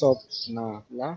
sob na la